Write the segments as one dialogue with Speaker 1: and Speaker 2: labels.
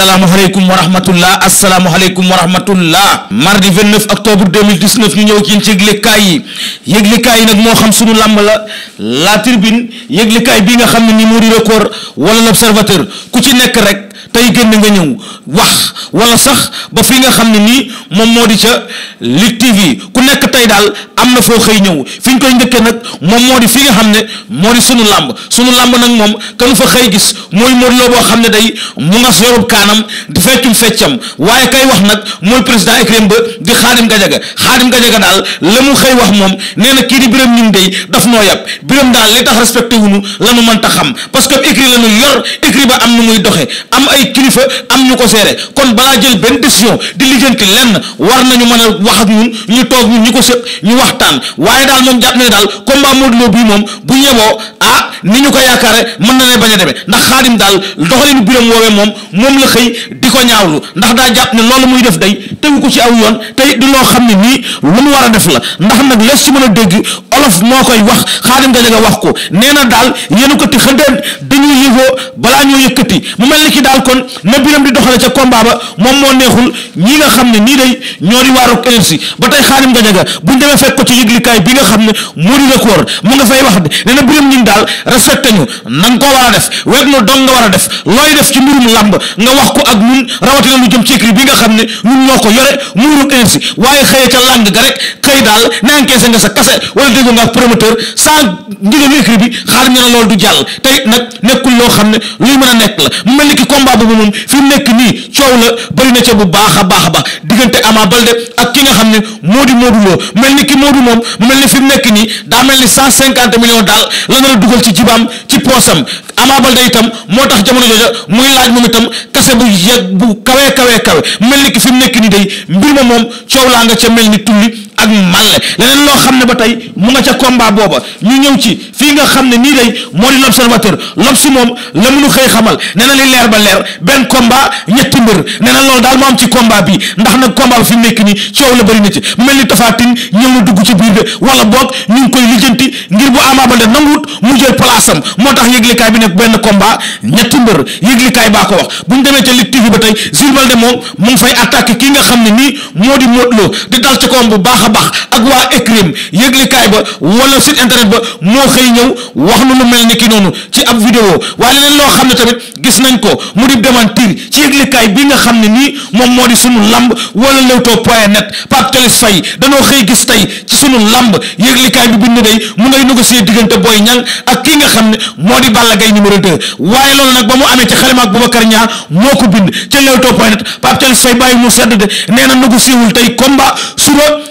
Speaker 1: asalaamaaleykum wa rahmatullah
Speaker 2: asalaamaaleykum wa rahmatullah mardi 29 octobre 2019 ñu ñëw ci yéen ci yëglekaay yi yëglekaay yi nag moo xam sunu làmb la la tribune yëglekaay bi nga xam ne ni moo di record wala l'observateur ku ci nekk rek. tey génn nga ñëw wax wala sax ba fii nga xam ne nii moom moo di ca Lutte TV ku nekk tey daal am na foo xëy ñëw fi koy njëkkee nag moom moo di fi nga xam ne moo di sunu làmb sunu làmb nag moom kanu fa xëy gis mooy Modou Lo boo xam ne day mu nga yorub kaanam di feccum feccam waaye kay wax nag mooy président écrim ba di Xaadim Gajaga Xaadim Gajaga daal la mu xëy wax moom nee na kii di Biram ñun day daf noo yàpp Biram daal li tax respecté wuñu la nu tax xam parce que écrit la nu yor écrit ba am nu muy doxe ay kilifa am ñu ko seere kon balaa jël benn décision di lijjanti lenn war nañu mën a wax ak ñun ñu toog ñun ñu ko sëpp ñu waxtaan waaye daal moom jàpp na ne daal kon Modou Lo bii moom bu ah, ni ñu ko yaakaare mën na ne bañ a demee ndax xaadim daal doxalinu biram woowee moom moom la xëy di ko ñaawlu ndax daa jàpp ne loolu muy def day tegu ko ci aw yoon te it di xam ne nii lu mu war a def la ndax nag lees ci mën a dégg olof moo koy wax xaadim da nga wax ko nee na daal yéen ko ti xëddeen dañuy yëgoo balaa ñoo yëkkati mu mel ni daal kon na biram di doxale ca combat ba moom moo neexul ñi nga xam ne nii day ñoo di waarok énergie ba tey xaalim gajaga buñ demee fekk ko ci yëglikaay bi nga xam ne moo di record mu nga fay wax de nee na biram ñi daal respecté ñu na nga koo war a def weet na dong nga war a def looy def ci mbirum làmb nga wax ko ak ñun rawatina lu jëm ci écrit bi nga xam ne ñun ñoo ko yore mu warok énergie waaye xëye ca làng ga rek xëy daal na encaissé nga sa kase wala déggoo nga ak promoteur sans bi xaalim ne na loolu du jàll tey nag nekkul loo xam ne luy mën a nekk la mu mel ni ki combat boobu moom fi mu nekk nii coow la bëri na ca bu baax a baax a baax diggante Ama Baldé ak ki nga xam ne moo di Modou Lo mel ni ki Modou moom mu mel ni fi mu nekk nii daa mel ni cent cinquante millions daal la nar a ci jibaam ci poosam Ama Baldé itam moo tax jamono jooja muy laaj moom itam kase bu yegg bu kawee kawee kawe mel ni ki fi mu nekk nii day mbir ma moom coow laa nga ca mel ni tulli ak mal leneen loo xam ne ba tey mu nga ca combat booba ñu ñëw ci fii nga xam ne nii day moo di l'observateur l'Obs moom la mënu xëy xamal nee na li leer ba leer benn komba ñetti mbër nee loolu daal moo am ci combat bi ndax nag combat bi fi nekk nii coow la bëri na ci mel ni tafaatin ñëw na dugg ci biir de wala boog ñu ngi koy ngir bu Ama Baldé nanguwut mu jël place moo tax yëglikaay bi nekk benn combat ñetti mbër yëglikaay baa ko wax bu ñu demee ca Lutte TV ba tey Jules Baldé moom mu ngi fay attaqué kii nga xam ne nii moo di Modou di dal ca koom bu baax baax ak waa écrim yëglikaay ba wala site internet ba moo xëy ñëw wax nu lu mel ni ki noonu ci ab vidéo waaye xam ne tamit gis nañ ko mu di démentir ci yëglikaay bi nga xam ne nii moom moo di sunu lamb wala Leewtoo point net Pape Thialis Faye danoo xëy gis tey ci sunu lamb yëglikaay bi bind day mu ngay négocier diggante Boy Niang ak kii nga xam ne moo di Balla Gaye numéro 2 waaye loolu nag ba mu amee ci xalima ak Boubacar Niang moo ko bind ca Leewtoo point net Pape Thialis bàyyi mu sedd de nee na négocier wul tey combat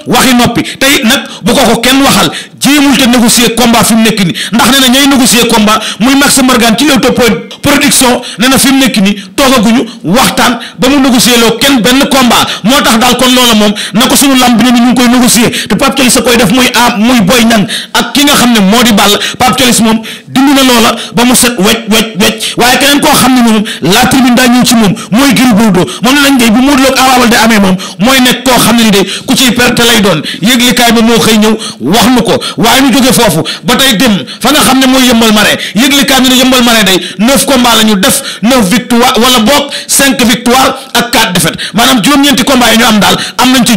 Speaker 2: wax waxi noppi tey nag bu ko ko kenn waxal jéemul te négocier combat fi mu nekk nii ndax nee ñooy négocier combat muy Max Mbargane ci Leewtoo point production nee na fi mu nekk nii toogaguñu waxtaan ba mu négocier loo kenn benn combat moo tax daal kon loola moom na ko suñu lamb bi ne ni ñu ngi koy négocier te Pape sa koy def muy a muy Boy Niang ak ki nga xam ne moo di Balla Pape Thialis moom dindi na loola ba mu set wecc wecc wecc waaye keneen koo xam ne moom la tribune daa ñëw ci moom mooy Gris Bordeaux moom ne nañ day bu Modou Lo ak Ama amee moom mooy nekk koo xam ne ni day ku ciy perte lay doon yëglikaay ba moo xëy wax nu ko waaye ñu jóge foofu ba tey dem fa nga xam ne mooy yëmbal mare yëglikaay ñu ne yëmbal mare day neuf combat la ñu def neuf victoire wala boog cinq victoire ak quatre defet maanaam juróom-ñeenti combat yi ñu am daal am nañ ci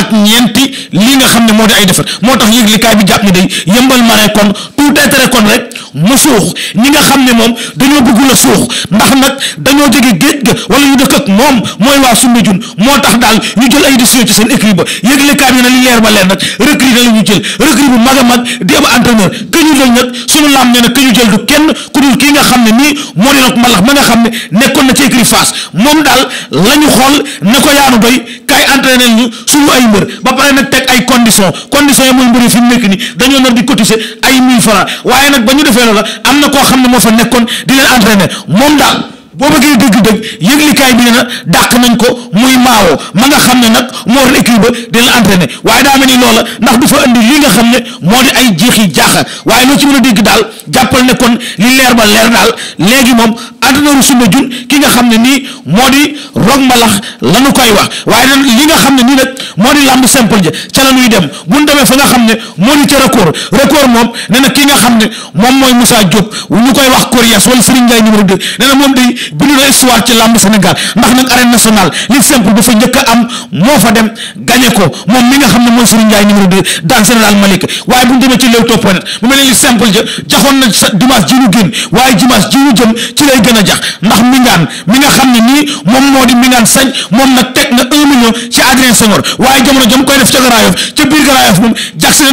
Speaker 2: ak ñeenti li nga xam ne moo di ay defet moo tax yëglikaay bi jàpp ni day yëmbal mara kon tout intérêt kon rek mu suux ñi nga xam ne moom dañoo bëggul a suux ndax nag dañoo jóge géej ga wala ñu dëkk ak moom mooy waa sumbi jun moo tax daal ñu jël ay décision ci seen écrit ba yëglikaay bi na li leer ba leer nag recruter la ñu jël recruter bu mag a mag di ab entraîneur que ñu jël nag sunu laam ne nag jël du kenn ku dul kii nga xam ne nii moo di nag mbalax ma nga xam ne nekkoon na ci écrit face moom daal la ñu xool ne ko yaanu doy kaay entraîné ñu suñu ay mbër ba pare nag teg ay condition condition yi mooy mbëri fi mu nekk nii dañoo nar di cotiser ay mille francs waaye nag ba ñu defee loola am na koo xam ne moo fa nekkoon di leen entraîné moom daal boo bëggee dëgg-dëgg yëglikaay bi nee na dàq nañ ko muy maawoo ma nga xam ne nag moo doon ba di la entraîné waaye daa mel ni loola ndax du fa indi li nga xam ne moo di ay jeexi jaaxa waaye loo ci mën a dégg daal jàppal ne kon li leer ba leer daal léegi moom entraîneur Soumbédioune ki nga xam ne nii moo di ma Mbalax la nu koy wax waaye nag li nga xam ne nii nag moo di lamb simple ja ca la nuy dem bu ñu demee fa nga xam ne moo di ca record record moom nee na ki nga xam ne moom mooy Moussa Diop ñu koy wax Coriace wala Serigne Ndiaye numéro 2 nee na moom day bindu na histoire ci lamb Sénégal ndax nag a am moo fa dem gagné mi nga xam ne mooy Serigne Ndiaye numéro 2 dans général mu mel li simple ja jaxoon na sa ji ñu génn waaye dimanche ji ñu jëm ci lay gën a jax ndax mbingaan mi nga xam ne nii moom moo di mbingaan sañ moom nag teg na un million ci Adrien Senghor waaye jamono jam koy def ca garaayof ca biir garaayof moom jax si ne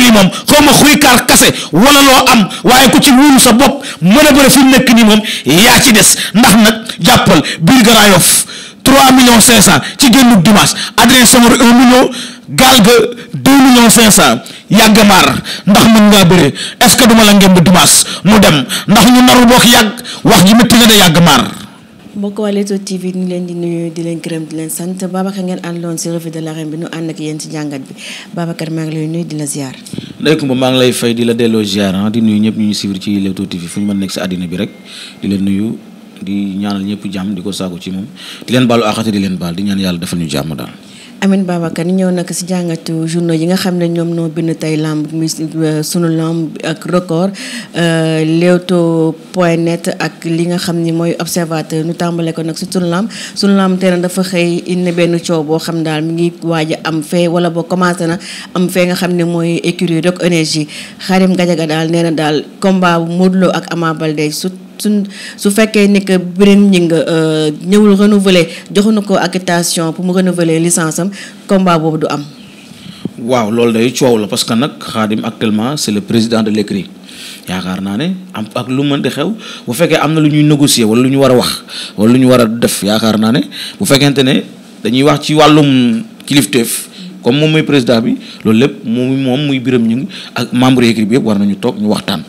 Speaker 2: ni kon ma xuy kaar kase wala loo am waaye ku ci wuuru sa bopp a ci des ndax nag jàppal biir garaayof million gaal ga deux millions cinq cent yàgg maar ndax mën ngaa bëre est ce que duma la ngemb dimanche mu dem ndax ñu naru bokk yàgg wax ji métti na de yàgg maar
Speaker 3: mbokk waa Leewtoo TV ñu leen di nuyu di leen gërëm di leen sant Babacar ngeen àndoon ci revue de l'arène bi ñu maa ngi lay nuyu di la ziar.
Speaker 1: ndeykum ba maa ngi lay fay di la delloo ziar ah, di nuyu ñëpp ñu ñu suivre ci Leewtoo TV fu ñu mën nekk ci àddina bi rek di leen nuyu di ñaanal ñëpp jàmm di ko saako ci moom di leen baalu àqate di leen baal di ñaan yàlla defal ñu jàmm daal.
Speaker 3: amin Amine ni ñëw nag si jàngatu journaux yi nga xam ne ñoom noo bind tey lamb mi euh, sunu lamb ak record euh, Leewtoo point net ak li nga xam ni mooy observateur ñu tàmbale ko nag si sunu lamb sunu lamb tey dafa xëy indi benn coow boo xam daal mi ngi waaj am fee wala boo commencé na am fee nga xam ne mooy écurie Rock Énergie Khadim ga daal nee na daal combat bu Modou Lo ak Ama Baldé sut suñ su fekkee ne que Birame ñi nga euh, ñëwul renouveler joxuñu ko acquittation pour mu renouveler licence am combat boobu du am.
Speaker 1: waaw loolu day coow la parce que nag Khadim actuellement c'est le président de l'écrit yaakaar naa ne am ak lu mën di xew bu fekkee am na lu ñuy négocier wala lu ñu war a wax wala lu ñu war a def yaakaar naa ne bu fekkente ne dañuy wax ci wàllum kilifteef comme moom mooy président bi loolu lépp moom moom muy biram ñu ak membre écrit bi yëpp war nañu toog ñu waxtaan.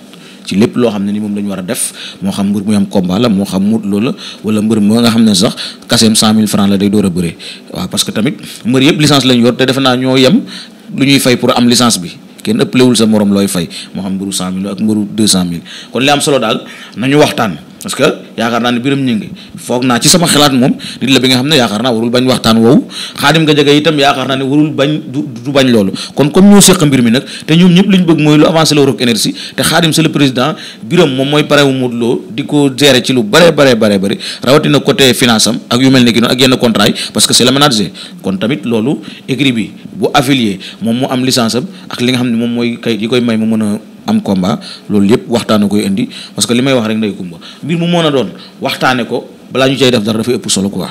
Speaker 1: ci lépp loo xam ne ni moom la ñu war a def moo xam mbër muy am combat la moo xam mut loola wala mbër moo nga xam ne sax kaseem cent mille francs la door a bëre waaw parce tamit mbër yëpp licence lañ yor te defe ñoo yem lu ñuy fay pour am licence bi kenn ëppalewul sa morom looy fay moo xam mbëru cent mille ak mbëru deux cent mille kon li am solo daal nañu waxtaan parce que yaakaar naa ne biram ñu ngi foog naa ci sama xalaat moom nit la bi nga xam ne yaakaar naa warul bañ waxtaan woowu xaadim nga jege itam yaakaar naa ne warul bañ du du bañ loolu kon comme ñoo seq mbir mi nag te ñoom ñëpp li ñu bëgg mooy lu avancé la Rock Énergie te xaadim c'est le président biram moom mooy pare wu Modou Lo di ko gérer ci lu bare bare bare bëri rawatina côté finance am ak yu mel ni ki noonu ak yenn contrat parce que c'est le manager kon tamit loolu écrit bi bu affilié moom moo am licence ak li nga xam ne moom mooy kay yi koy may mu mën a am combat loolu yëpp waxtaan ko indi parce que li may wax rek ndey kumba mbir mu mën a doon waxtaane ko balaa ñu cay def dara dafay ëpp solo quoi.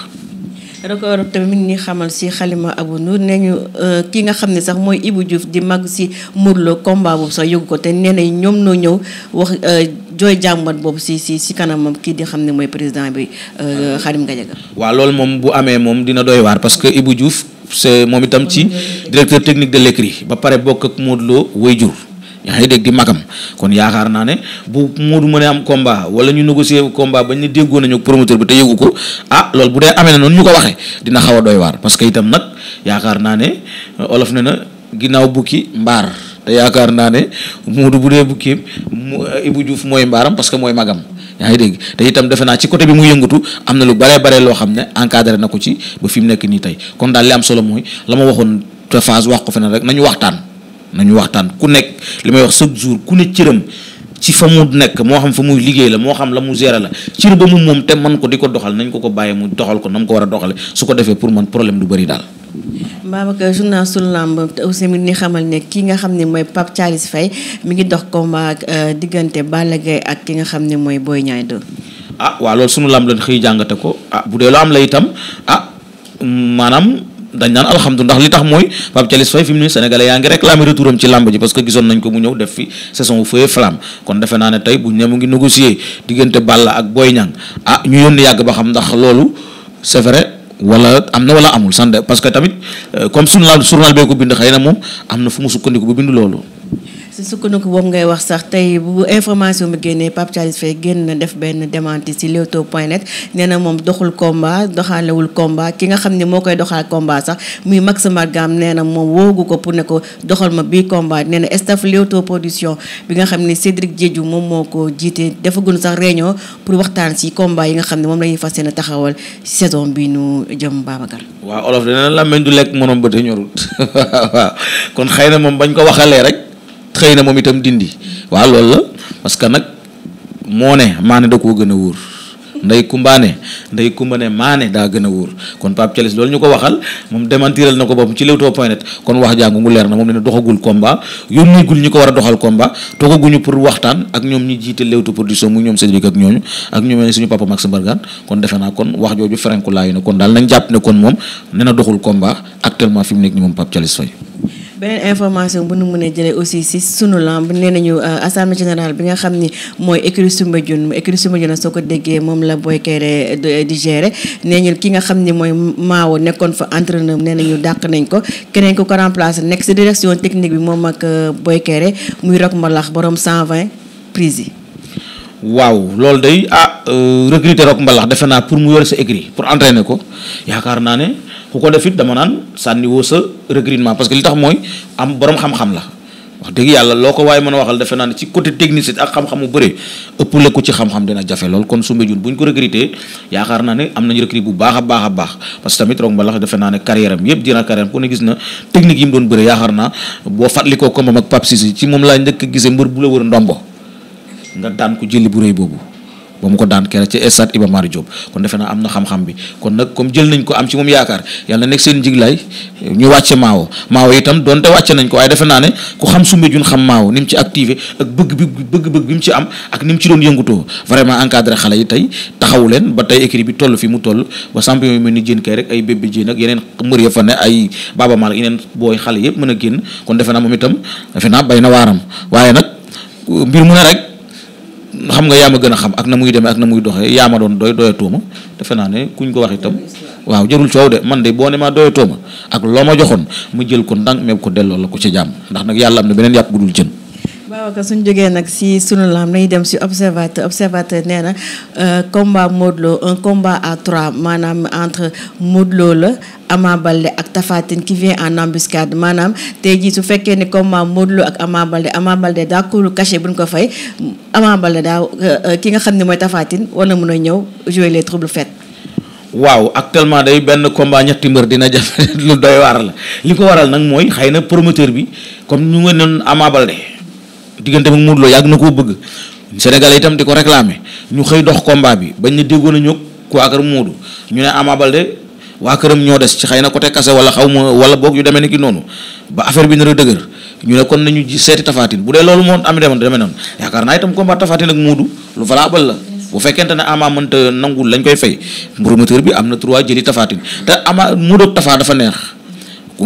Speaker 3: record tamit mi ngi xamal si xalima Abou Nour nee ñu euh, ki nga xam ne sax mooy Ibou Diouf di mag si murlo combat boobu sax yëgu ko te nee na ñoom noo ñëw wax euh, jooy jàmbat boobu si si si kanamam kii di xam ne mooy président bi euh, Khadim Gadiaga. waaw
Speaker 1: loolu moom bu amee moom dina doy waar parce que Ibou Diouf c'est moom itam ci directeur technique de l'écrit ba pare bokk ak Modou Lo way jur yaa ngi dégg di magam kon yaakaar naa ne bu Modou mënee am combat wala ñu négocier combat bañ ne déggoo nañu promoteur bi te yëgu ko ah loolu bu dee amee na noonu ñu ko waxee dina xaw a doy waar parce que itam nag yaakaar naa ne olof ne na ginnaaw bukki mbaar te yaakaar naa ne Modou bu dee bukki Ibou juuf mooy mbaaram parce que mooy magam yaa ngi dégg te itam defe naa ci côté bi mu yëngatu am na lu baree bare loo xam ne encadré na ko ci ba fi mu nekk nii tey kon daal li am solo mooy la ma waxoon phase wax ko feneen rek nañu waxtaan. nañu waxtaan ku nekk li may wax chaque jour ku ne ci fa mu nekk moo xam fa muy liggéey la moo xam la mu gérer la cër ba mu moom te man ko di ko doxal nañ ko ko bàyyi mu doxal ko na ko war a doxale su ko defee pour man problème du bëri daal
Speaker 3: Babacar journal sunu lamb te aussi mi ngi xamal ne ki nga xam ne mooy Pape Thialis Faye mi ngi dox combat euh, diggante Balla Gaye ak ki nga xam ne mooy Boy Niang 2
Speaker 1: ah waaw loolu sunu lamb lañ xëy jàngate ko ah bu dee loo am la itam ah maanaam dañ naan alhamdu ndax li tax mooy Pape Thialis Faye fi mu ne sénégalais yaa ngi réclamé retouram ci làmb ji parce que gisoon nañ ko mu ñëw def fi saison bu feu flamme kon defe naa ne tey bu ñëw mu ngi négocier diggante Balla ak Boy Niang ah ñu yónni yàgg ba xam ndax loolu c'est vrai wala am na wala amul sande parce que tamit euh, comme suñu la journal bee ko bind xëy na moom am na fu mu sukkandiku ba bind loolu
Speaker 3: si sukk sukkandiku boobu ngay wax sax tey bu information bi génnee Pape Thialis Faye génn na def benn démenti si Leewtoo point net nee na moom doxul combat doxaalewul combat ki nga xam ne moo koy doxal combat sax muy Max Margam nee na moom woogu ko pour ne ko doxal ma bii combat nee na staff Leewtoo production bi nga xam ne Cédric Diédhiou moom moo ko jiite defaguñu sax réunion pour waxtaan si combat yi nga xam ne moom la ñuy fas yéene taxawal saison bi ñu jëm Babacar.
Speaker 1: waaw olof dina la meñ du lekk morom ba te ñorut kon xëy na moom bañ ko waxalee rek. xëy na moom itam dindi waaw loolu la parce que nag moo ne maa ne da koo gën a wóor nday kumbaane nday kumbane maane daa gën a wóor kon Pape Thialis loolu ñu ko waxal moom démentiral na ko boppam ci Leewtoo point kon wax jàngu mu leer na moom ne na doxagul combat yónnigul ñi ko war doxal combat toogaguñu pour waxtaan ak ñoom ñi jiite Leewtoo production mu ñoom Cédric ak ñooñu ak ñu mel ni suñu papa Max kon defe naa kon wax jooju ferenku laayu na kon daal nañ jàpp ne kon moom ne na doxul combat actuellement fi mu nekk ni moom Pape Thialis Faye
Speaker 3: beneen information bu nu mënee jëlee aussi si sunu lamb nee nañu euh, assemblée générale bi nga xam ni mooy écurie Soumbédioune écurie Soumbédioune soo ko déggee moom la Boy Kaïré euh, di gérer nee ñu ki nga xam ni mooy Maawo nekkoon fa entraîneur nee nañu dàq nañ ko keneen ku ko remplacer nekk si direction technique bi moom ak euh, Boy Kaïré muy Rock Mbalax borom 120 prise yi.
Speaker 1: waaw loolu day ah euh, recruter roog mbalax defe naa pour mu yore sa écrit pour entraîner ko yaakaar naa ne ku ko def it dama naan sànni woo sa recrutement parce que li tax mooy am borom xam-xam la wax dëgg yàlla loo ko waaye mën a waxal defe naa ne ci côté technicité ak ko xam-xam dina jafe lool kon su mbéjun bu ñu ko recruter yaakaar naa ne am nañ recrut bu baax a baax a baax parce que tamit roog mbalax defe naa ne carrière am yëpp dina carrière am ku ne gis na technique yi mu doon bëre yaakaar naa boo fàttalikoo ko moom ak Pape Cissé ci moom laa njëkk gisee mbër bu la wër ndombo nga daan ko jëli bu rëy boobu ba mu ko daan kere ci stade Iba Mar kon defe naa na xam moom yaakaar yàlla na nekk seen njiglaay ñu wàcce maawo maawo itam donte wàcce nañ defe naa ne ku xam sumbe xam maawo ni mu ci activé ak bëgg ni mu ci doon yëngutoo vraiment encadré xale yi tey taxawu leen ba tey écrit bi toll fi mu toll ba champion yu mel ni jën kay rek ay bébé jën ak yeneen mbër ya fa ne ay Baaba Maal yeneen booy xale yëpp mën a génn kon defe naa moom itam defe naa bay na waaram waaye nag mbir mu ne rek xam nga yaam ma gën a xam ak na muy demee ak na muy doxee yaa ma doon doy doyatoo ma defe naa ne kuñ ko wax itam waaw jërul coow de man de boo ne maa doyatoo ma ak loo ma joxoon mu jël ko ndànk meeb ko delloo la ko ci jàmm ndax nag yàlla am na beneen yàpp gu jën
Speaker 3: ka suñ jógee nag si sunu lamb dañuy dem si observateur observateur nee na euh, combat Modou Lo un combat à maanaam entre Modou la amaabal Baldé ak Tapha Tine qui vient en embuscade maanaam tey jii su fekkee ne combat Modou Lo ak Ama Baldé Ama Baldé daa koolu caché buñ ko fay Ama Baldé daa euh, ki nga xam ne mooy Tapha Tine war mën a ñëw jouer les troubles fêtes
Speaker 1: waaw actuellement day benn combat ñetti mbër dina jafe lu doy waar la li ko waral nag mooy xëy na promoteur bi comme ñu nga noon diggante ak Modou Lo yàgg na koo bëgg Sénégal itam di ko réclamer ñu xëy dox combat bi bañ na déggoon a ñëw ku waa kër ñu ne Ama Baldé waa këram ñoo des ci xëy na côté kase wala xaw ma wala boog yu demee ki noonu ba affaire bi nar a dëgër ñu ne kon nañu seeti Tapha Tine bu dee loolu moo am demoon demee noonu yaakaar naa itam combat Tapha Tine ak Modou lu valable la bu fekkente ne Ama mënta nangul lañ koy fay promoteur bi am na trois jëli Tapha Tine te Ama Modou ak Tapha dafa neex.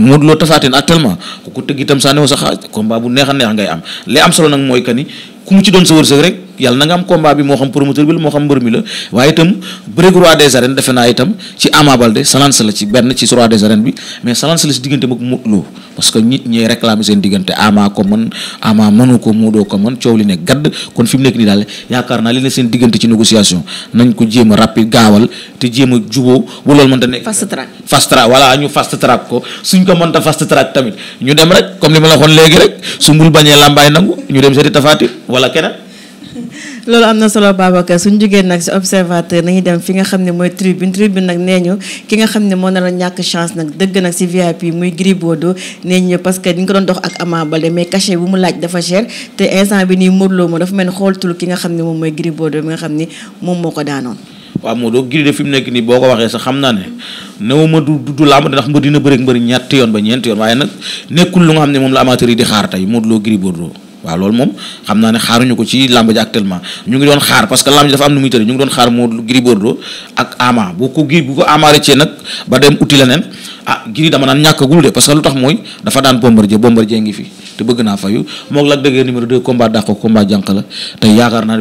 Speaker 1: Modou Lo tasaateen actuellement ku ko tëgg itam saa ne sa xaaj combat bu neex a neex ngay am li am solo nag mooy que ni ku mu ci doon sa wërsëg rek yàlla na am combat bi moo xam promoteur bi la moo xam mbër mi la waaye itam bëreeg roi des arènes defe naa itam ci Ama Baldé salance la ci benn ci roi des arènes bi mais salance la ci diggante mag Modou Lo parce que nit ñi réclamer seen diggante Ama ko mën Ama mënu ko Modou ko mën coow li ne gadd kon fi nekk nii daal yaakaar naa li ne seen diggante ci négociation nañ ko jéem a rapide gaawal te jéem a juboo bu loolu mënta nekk fast track fast track voilà ñu fast track ko suñ
Speaker 3: loolu am na solo Babacar suñu jugee nag si observateur nañu dem fi nga xam ne mooy tribune bi nag nee ñu ki nga xam ne moo nar a ñàkk chance nag dëgg nag si VIP muy Gris Bordeaux nee ñu parce que ñu ko doon dox ak Ama Baldé mais cachet laaj dafa cher te bi nii Modou Lo moom dafa mel ni xoolatul ki nga xam ne moom mooy Gris Bordeaux mi nga xam ni moom moo ko daanoon.
Speaker 1: waaw Modou Gris mu nekk nii boo ko waxee sax xam naa ne néew ma du du làmb yoon ba ñeenti yoon waaye nag nekkul lu nga moom la amateur yi di xaar tey Modou Lo Gris waaw loolu moom xam naa ne xaaruñu ko ci làmb ji actuellement ñu ngi doon xaar parce que làmb ji dafa am nu muy tëddee ñu ngi doon xaar Modou Gris Bordeaux ak Ama bu ko Gris bu ko Ama rëccee nag ba dem leneen ah Gris dama naan ñàkkagul que lu tax mooy dafa daan Bombardier Bombardier ngi fi te bëgg naa fayu moog Lac de Guiers numéro 2 combat dàq ko combat jànq la te yaakaar naa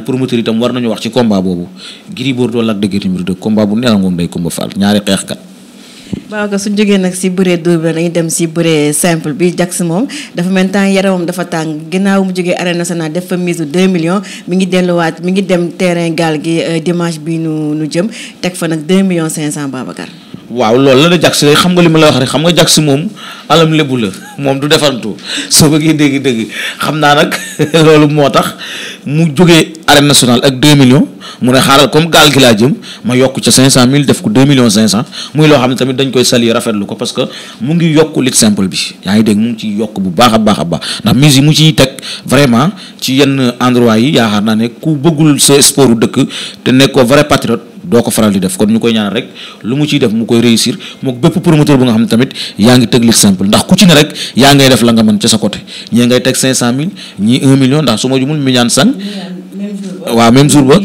Speaker 1: war nañu wax ci combat boobu Gris Bordeaux Lac de Guiers numéro bu neex day combat faal ñaari xeexkat
Speaker 3: waaw ko suñ nag si bëree dóor bi dañuy dem si bëree simple bi Jax moom dafa mel temps yaramam dafa tàng ginnaaw mu jógee arène nationale def fa mise 2 millions mi ngi delluwaat mi ngi dem terrain gaal gi euh, dimanche bi nu nu jëm teg fa nag million cinq 500 Babacar.
Speaker 1: waaw loolu la da Jax rek xam nga li ma la wax rek xam nga Jax moom alam lébu la moom du defantu soo bëggee dégg dégg xam naa nag loolu moo tax mu jógee arène nationale ak 2 millions. mu ne xaaral comme gaal gi laa jëm ma yokk ca 500000 def ko 2 millions 500 muy loo xam ne tamit dañ koy sali rafetlu ko parce que mu ngi yokk lit simple bi yaa ngi dégg mu yokk bu baax a baax a baax ndax mise yi mu ciy teg vraiment ci yenn endroit yi yaakaar naa ne ku bëggul sa sport dëkk te nekkoo vrai patriote doo ko faral di def kon ñu koy ñaan rek lu mu ciy def mu koy réussir moom bépp promoteur bu nga xam ne tamit yaa ngi teg lit simple ndax ku ci rek yaa ngay def la nga mën ca sa ngay teg 500000 ñii 1 million ndax su ma jumul mi ñaan sang waaw même jour ba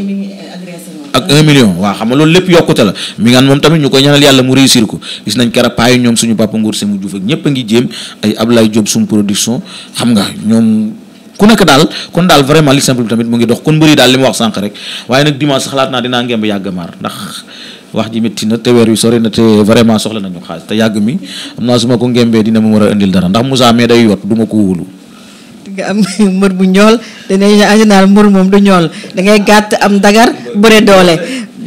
Speaker 1: un million waa xam nga loolu lépp yokkute la mi ngaan moom tamit ñu koy ñaanal yàlla mu réussir ko gis nañ kera paayu ñoom suñu papa nguur semu juuf ak ñëpp a ngi jéem ay Ablaye Diop suñu production xam nga ñoom ku nekk daal kon daal vraiment li simple bi tamit mu ngi dox kon mbëri daal li ma wax sànq rek waaye nag dimanche xalaat naa dinaa ngemb yàgg maar ndax wax ji métti na te weer wi sori na te vraiment soxla nañu xaalis te yàgg mi am naa su ma ko ngembee dina ma war a indil dara ndax Moussa mais day yot du ma ko wóolu
Speaker 3: nga am mbër bu ñool dañuy en général mbër moom du ñool da gàtt am dagar bëre doole.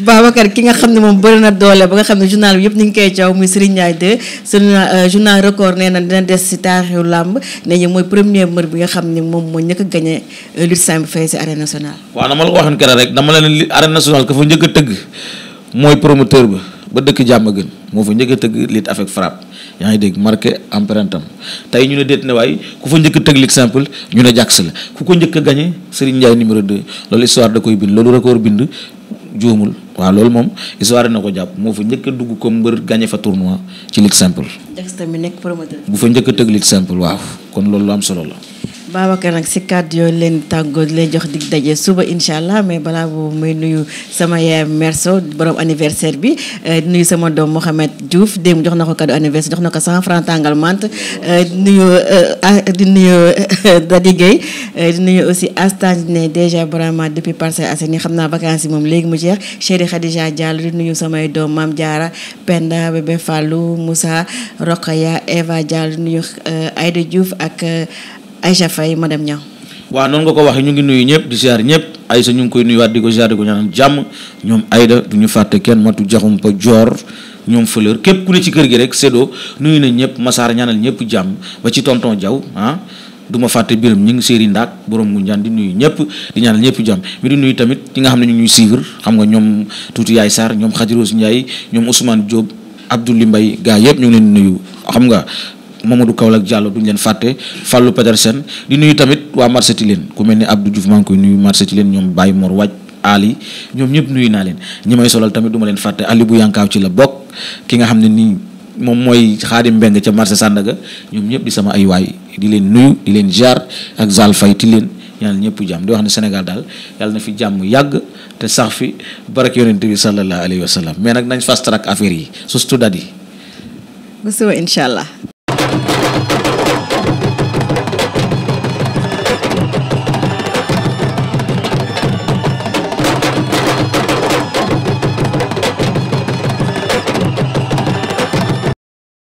Speaker 3: Babacar ki nga xam ne moom bëri na doole ba nga xam ne journal bi yëpp ni ngi koy coow muy Serigne Ndiaye 2 journal euh, journal record nee na dina des si taarixu làmb ne ñu mooy premier mbër bi nga xam ne moom moo njëkk a gagné euh, lutte simple fay si arène nationale.
Speaker 1: waaw dama la ko waxoon keroog rek dama leen li arène nationale fa njëkk a tëgg mooy promoteur ba. ba dëkk jàmm gën moo fa njëkk a tëgg lit avec frappe yaa ngi dégg marqué empreinte am ñu ne déet ne waaye ku fa njëkk a tëgg lit simple ñu ne jàkk si la ku ko njëkk a gagné Serigne Ndiaye numéro 2 loolu histoire da koy bind loolu record bind juumul waaw loolu moom histoire na ko jàpp moo fa njëkk a dugg comme mbër gagné fa tournoi ci lit simple. Jax bu fa njëkk a tëgg lit simple waaw kon loolu am solo la.
Speaker 3: ka nag si kàddu yooyu leen tàggoo lay jox dig daje suba incha allah mais balaa boobu may nuyu sama yaay Merso borom anniversaire bi euh, nuyu sama doom Mohamed Diouf démb jox na ko cadeau anniversaire na ko 100 francs tàngal euh, di nuyu euh, ah, Dadi Gueye di nuyu aussi Astane ne dèjà vraiment depuis Parcelles Assainies xam naa vacances yi moom léegi mu jeex chéri Khadija Diallo nuyu samay doom Mame Diarra Penda Bébé Fallou Moussa Rokhaya Eva Diallo nuyu Aïda Diouf ak Aïcha Faye madame Niang
Speaker 1: waaw noonu nga ko waxee ñu ngi nuyu ñëpp di ziar ñëpp Aïssa ñu ngi koy nuyuwaat di ko ziar di ko ñaanal jàmm ñoom Aïda du ñu fàtte kenn matu jaxum pa joor ñoom fleur képp ku ne ci kër gi rek séddoo nuyu nañ ñëpp masaar ñaanal ñëpp jàmm ba ci tonton jaw ah du ma fàtte biram ñu ngi séeri ndaak boroom mu njaan di nuyu ñëpp di ñaanal ñëpp jàmm mi di nuyu tamit ñi nga xam ne ñu ñuy suivre xam nga ñoom tuuti yaay Sarr ñoom Khadiroos Ndiaye ñoom Ousmane Diop Abdoulaye Mbaye gaa yëpp ñu ngi leen nuyu xam nga Mamadou Kaolack Diallo duñ leen fàtte Fallou Petersen di nuyu tamit waa marché ku mel ni Abdou Diouf maa ngi koy nuyu marché Tilène ñoom Baye Mor Waaj Ali ñoom ñëpp naa leen may solal tamit du ma leen fàtte Ali bu yankaaw ci la bokk ki nga xam ne nii moom mooy Xaadim Mbeng ca marché sàndaga ñoom ñëpp di sama ay waay di leen nuyu di leen jaar ak Zal Fay Tilène ñaan ñëpp jàmm di wax ne Sénégal daal yàlla na fi jàmm yàgg te sax fi barak yonente bi sallallahu alayhi wa sallam mais nag nañ fast track affaire yi surtout dat yi